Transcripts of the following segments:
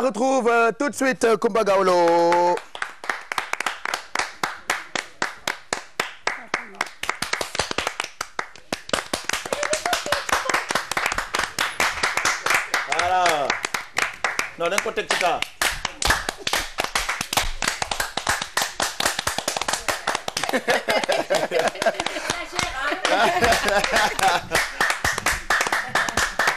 la retrouve euh, tout de suite euh, Coumba Gawlo voilà non da nga ko teg ci kaa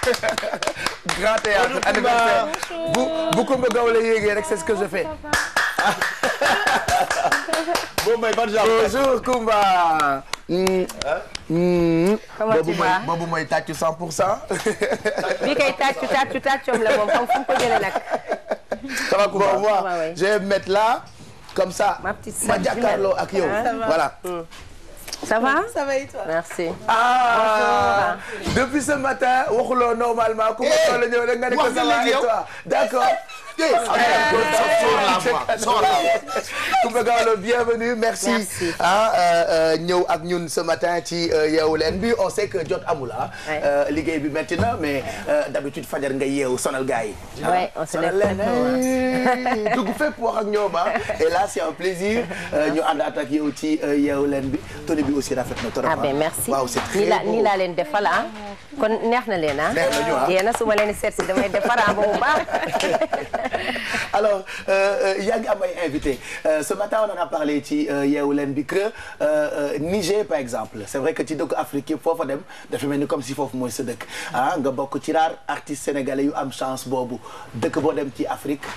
grand théâtre anniversaire bu bu Kumba Gawlo yéegee rek c'est ce que je fais. bon may ban genre bonjour Kumba. boobu mooy boobu mooy tàccu 100 pour cent. bii kay tàccu tàccu tàccoom la moom xam fu mu ko jëlee nag. ça va Kumba moi je vais me mettre là comme ça. ma jàkkaarloo ak yow voilà. Hmm. ça va ça va et toi merci. ah depuis ce matin waxuloo normalement. ku ma soxla eh! ñëw rek nga ne ko ça va d'accord. Coumba ah, Gawlo bienvenue merci ah euh, euh, ñëw ak ñun ce matin ci euh, yeewu leen bi on sait que jot amula ah. liggéey bi metti na mais d'habitude fajar nga yeewu sonal gars yi ah, sonal leen dugg fépp wax ak ñoom ah et là c'est un plaisir ñu àndaat ak yow ci yeewu leen bi toni bi aussi rafet na trop ah ben merci waaw c'est très beau nii laa leen defal ah kon neex na leen ah neex na ñu ah yéena su ma leen seet si damay defar ah ba mu baax alors euh, euh, yaa ngi am ay invité euh, ce matin on en a parlé ci yeewu leen bi que Niger par exemple c'est vrai que ci dëkk Afrique yëpp foofa dem dafa mel ni comme si foofu mooy sa dëkk ah nga bokk ci raar artiste sénégalais yu am chance boobu dëkk boo dem ci Afrique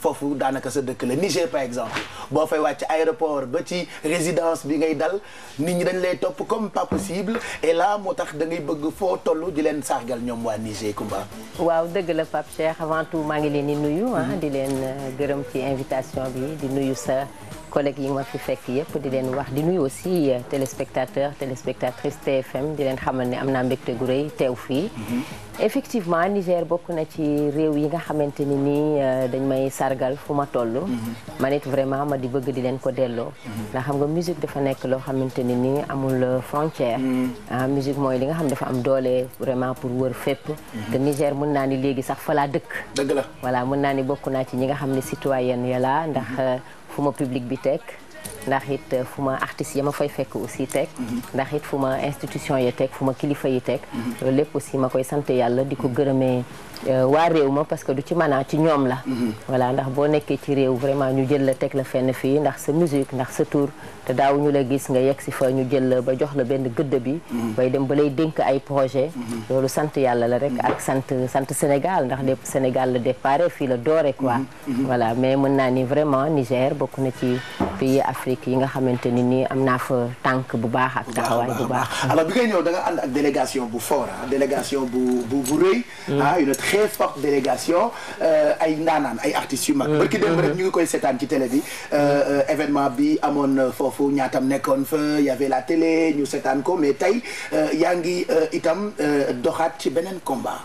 foofu daanaka sa dëkk la Niger par exemple boo fay wàcc aéroport ba ci résidence bi ngay dal nit ñi dañ lay topp comme pas possible et là moo tax dangay bëgg foo tollu di leen sargal ñoom waa Niger Kumba. waaw dëgg la Pape Cheikh avant tout maa ngi leen di nuyu. Ah, di leen euh, gërëm ci invitation bi di nuyu sa. collègues yi ma fi fekk yëpp di leen wax di nuyu aussi euh, téléspectateur téléspectatrice TFM di leen xamal ne am naa mbégte gu rëy teew fii. Mhm. effectivement Niger bokk na ci réew yi nga xamante ni nii euh, dañ may sargal fu ma toll. Mhm. man it vraiment ma di bëgg di leen ko delloo. Mhm. ndax xam nga musique dafa nekk loo xamante ni nii amul euh, frontière. ah musique mooy li nga xam dafa am doole vraiment pour wër fépp. te Niger mën naa ni léegi sax fa laa dëkk. wala mën naa ni bokk naa ci ñi nga xam ne citoyenne ya la ndax. fu ma public bi teg ndax it euh, fu ma artistes yi ma fay fekk aussi teg mhm. ndax it fu ma institution yi teg fu ma kilifa yi teg mhm. loolu lépp aussi ma koy sant yàlla di ko mhm. gërëmee euh, waa réew ma parce que du ci manaa ci ñoom la voilà ndax boo nekkee ci réew vraiment ñu jël la teg la fenn fii ndax sa musique ndax sa tour te daaw la gis nga yegg si fa ñu jël la ba jox la benn gëdd bi bay dem ba lay dénk ay projet loolu sant yàlla la rek ak sant sant Sénégal ndax lépp Sénégal la départ fii la doore Afrique yi nga xamante ni nii am naa fa tànk bu baax ak taxawaay bu baax alors bi ngay ñëw da nga ak délégation bu fort ah délégation bu bu bu rëy mm. ah une très forte délégation euh, ay ndaanaan ay artistes yu mag mm, barki démb mm, rek ñu ngi koy seetaan ci télé bi euh, euh, événement bi amoon foofu ñaatam nekkoon fa y avait la télé ñu seetaan ko mais tey yaa ngi itam doxaat ci beneen combat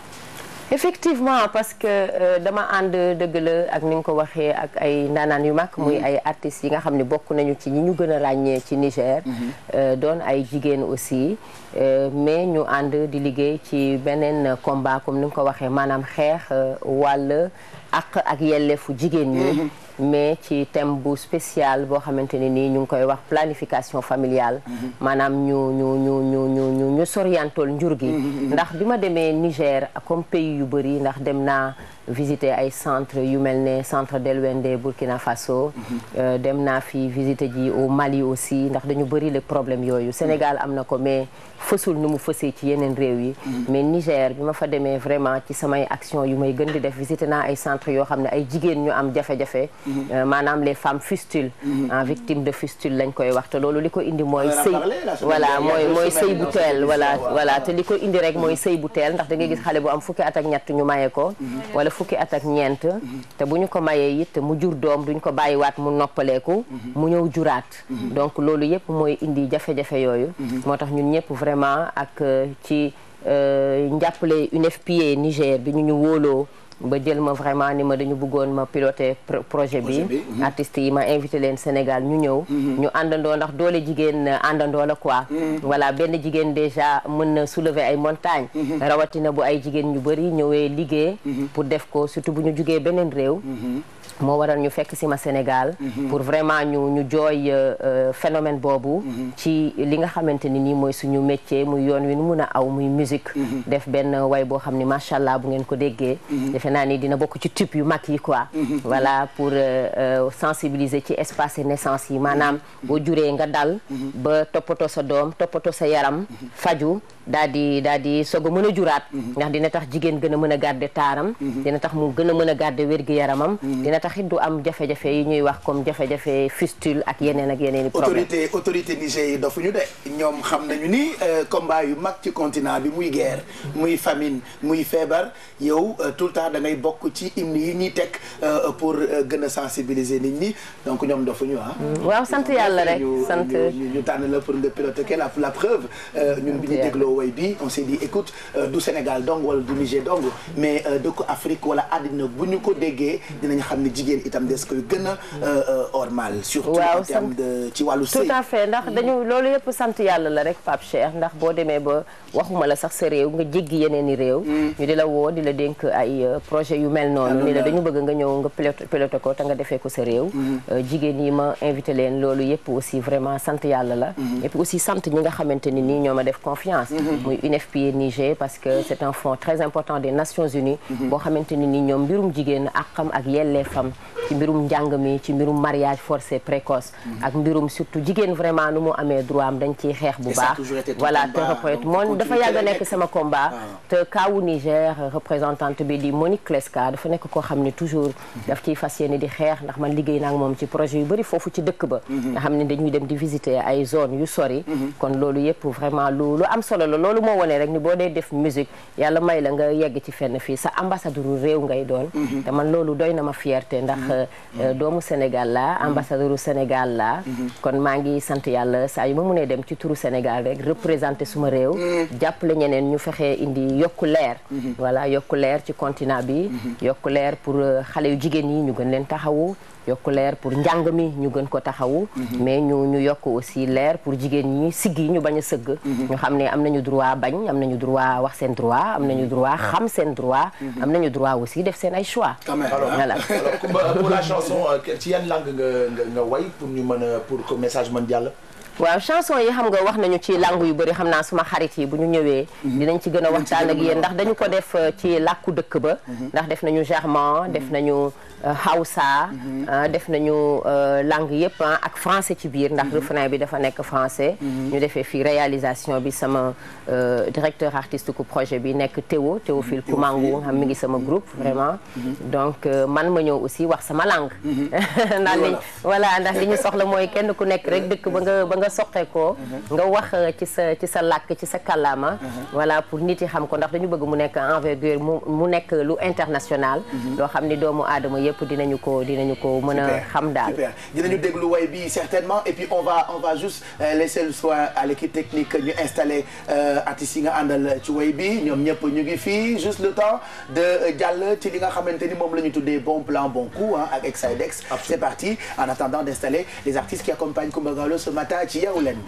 effectivement parce que euh, dama ànd dëgg la ak ni nga ko waxee ak ay ndaanaan yu mag. muy mhm. ay artistes yi nga xam ni bokk nañu ci ñi ñu gën a ràññee ci Niger. Mm doon ay jigéen aussi euh, mais ñu ànd di liggéey ci beneen combat comme ni nga ko waxee maanaam xeex euh, wàll ak ak yelleefu jigéen ñi. Mhm. mais ci thème bu spécial boo xamante ne nii ñu ngi koy wax planification familiale mhm. maanaam ñu ñu ñu ñu ñu ñu ñu soriantool njur gi mhm, mhm, ndax bi ma demee Niger comme pays yu bëri ndax dem naa visiter ay centre yu mel ne centre Delwende Burkina Faso euh, dem naa fi visiter ji au Mali aussi ndax dañu bëri le problème yooyu Sénégal am na ko mais fësul nu mu fësee ci yeneen réew yi mais Niger bi ma fa demee vraiment ci samay action yu may gën di def visiter naa ay centre yoo xam ne ay jigéen ñu am jafe Mhm. Euh, maanaam les femmes fustules en mhm. ah, victime de fistule lañ koy wax te loolu li ko indi mooy sëy voilà mooy mooy sëy bu teel voilà voilà te li ko indi rek mooy mhm. sëy bu ndax da ngay gis xale bu am fukki at ak ñett ñu maye ko wala fukki at ak ñeent te bu ñu ko mayee it mu jur doom ñu ko bàyyiwaat mu noppaleeku mu ñëw juraat donc loolu yëpp mooy indi jafe-jafe yooyu moo tax ñun ñëpp vraiment ak euh, ci euh, njàppale UNFPA Niger bi ñu ñu wóoloo ba jël ma vraiment ni ma dañu buggoon ma piloter projet bi mhm. artistes yi ma invité leen Sénégal ñu ñëw mhm. ñu àndandoo ndax doole jigéen àndandoo la quoi mhm. voilà benn jigéen déjà mën na soulever ay montagnes rawatina bu ay jigéen ñu bëri ñëwee liggéey pour def ko surtout bu ñu jugee beneen réew moo waral ñu fekk si ma Sénégal. Mhm. pour vraiment ñu ñu jooy euh, euh, phénomène boobu. Mhm. ci li nga xamante ni nii mooy suñu métier muy yoon wi nu mun a aw muy musique. Mhm. def benn way boo xam ni macha allah bu ngeen ko déggee. defe naa ni dina bokk ci tube yu mag yi quoi. voilà pour euh, sensibiliser ci espace yi naissance yi maanaam boo juree nga dal. ba toppatoo sa doom toppatoo sa yaram. faju daal di daal di soog mën a juraat. ndax dina tax jigéen gën a mën a garder taaram. dina tax mu gën a mën a garder wér yaramam dina taxit du am jafe-jafe yi ñuy wax comme jafe-jafe fistule ak yeneen ak yeneen i problème autorité autorité Niger yi dofuñu de ñoom xam nañu ni euh, combat yu mag ci continent bi muy guerre muy famine muy feebar yow euh, tout le temps da bokk ci hymne yi ñuy teg euh, pour gën a sensibiliser nit ñi donc ñoom dofuñu ah mm. waaw sant yàlla rek sant ñu tànn la pour nga piloter la la preuve ñun bi ñu dégloo way bi on s'est dit écoute du Sénégal donc wala du Niger dong mais dëkku Afrique wala àddina bu ñu ko déggee jigéen jigéen itam des koy a euh, ormal surtout en terme tout à fait ndax mm. dañu loolu yëpp sant yàlla la rek Pape Cheikh ndax boo demee ba waxuma la sax sa réew nga jéggi yeneen i réew mm. ñu di la woo di la dénk ay euh, projet yu mel noonu ni la dañu bëgg nga ñëw nga pilote ko te nga defee ko sa réew mm. euh, jigéen yi ma invité leen loolu yëpp aussi vraiment sant yàlla la et puis aussi sant ñi nga xamante ni nii ñoo a def confiance mm-hmm. muy UNFPA Niger parce que c'est un très important des Nations Unies mm-hmm. boo xamante nii ñoom xam ci mbirum njàng mi ci mbirum mariage forcé précoce mhm. ak mbirum surtout jigéen vraiment nu mu amee droit am dañ ciy xeex bu baax voilà te moom dafa yàgg nekk sama combat ah. te kaawu Niger représentante bi di Monique Kleska dafa nekk koo xam ne toujours mhm. daf ciy fas yéene di xeex ndax man liggéey naa ak moom ci projet yu bëri foofu ci dëkk ba mhm. nga xam ne dañuy dem di visiter ay zone yu sori kon loolu yëpp vraiment lu am solo la loolu moo wone rek ni boo dee def musique yàlla may la nga yegg ci fenn fii sa ambassadeur réew ngay doon Euh, euh, doomu Sénégal la mhm. ambassadeuru Sénégal la mhm. kon maa ngi sant yàlla saa yi ma mënee dem ci turu Sénégal rek représenté suma réew mhm. jàppale ñeneen ñu fexe indi yokku leer voilà yokku leer ci continant bi yokku leer pour euh, xale yu jigéen yi ñu gën leen taxawu yokk leer pour njàng mi ñu gën ko taxawu mais ñu ñu yokk aussi leer pour jigéen ñi sigg yi ñu bañ a sëgg ñu xam ne am nañu droit bañ am nañu droit wax seen droit am nañu droit xam seen droit am nañu droit aussi def seen ay choix pour la chanson euh, ci yan langue nga nga nga way pour ñu mën a pour que message mën jàll. waaw chanson yi xam nga wax nañu ci langue yu bëri xam naa suma xarit yi bu ñu ñëwee mhm. dinañ ci gën a waxtaan ak yéen ndax dañu ko def ci làkku dëkk ba mhm. ndax def nañu german mhm. def nañu euh, hausa ah, def nañu euh, langue yëpp ah, ak français ci biir ndax refrain bi dafa nekk français ñu defee fi réalisation bi sama euh, directeur artistique projet bi nekk Théo Théophile Koumangu xam mi ngi sama groupe vraiment donc man ma ñëw aussi wax sama langue ndax li ñu soxla mooy kenn ku nekk rek dëkk ba nga ba nga nga soqeekoo. Mhm. nga wax euh, ci sa ci sa làkk ci sa kallaama mhm. voilà pour nit yi xam ko ndax dañu bëgg mu nekk envergure mu mu nekk lu international. Mhm. loo xam ni doomu aadama yëpp dinañu ko dinañu ko mën a xam daal. super dinañu déglu way bi certainement et puis on va on va juste euh, laisser le soin à l'équipe technique ñu installer euh, artistes yi nga àndal ci way bi ñoom ñëpp ñu ngi fii juste le temps de jàll ci li nga xamante ni moom la ñu tuddee bon plan bon coup ah ak Exidex. c'est parti en attendant ci yeewu leen bi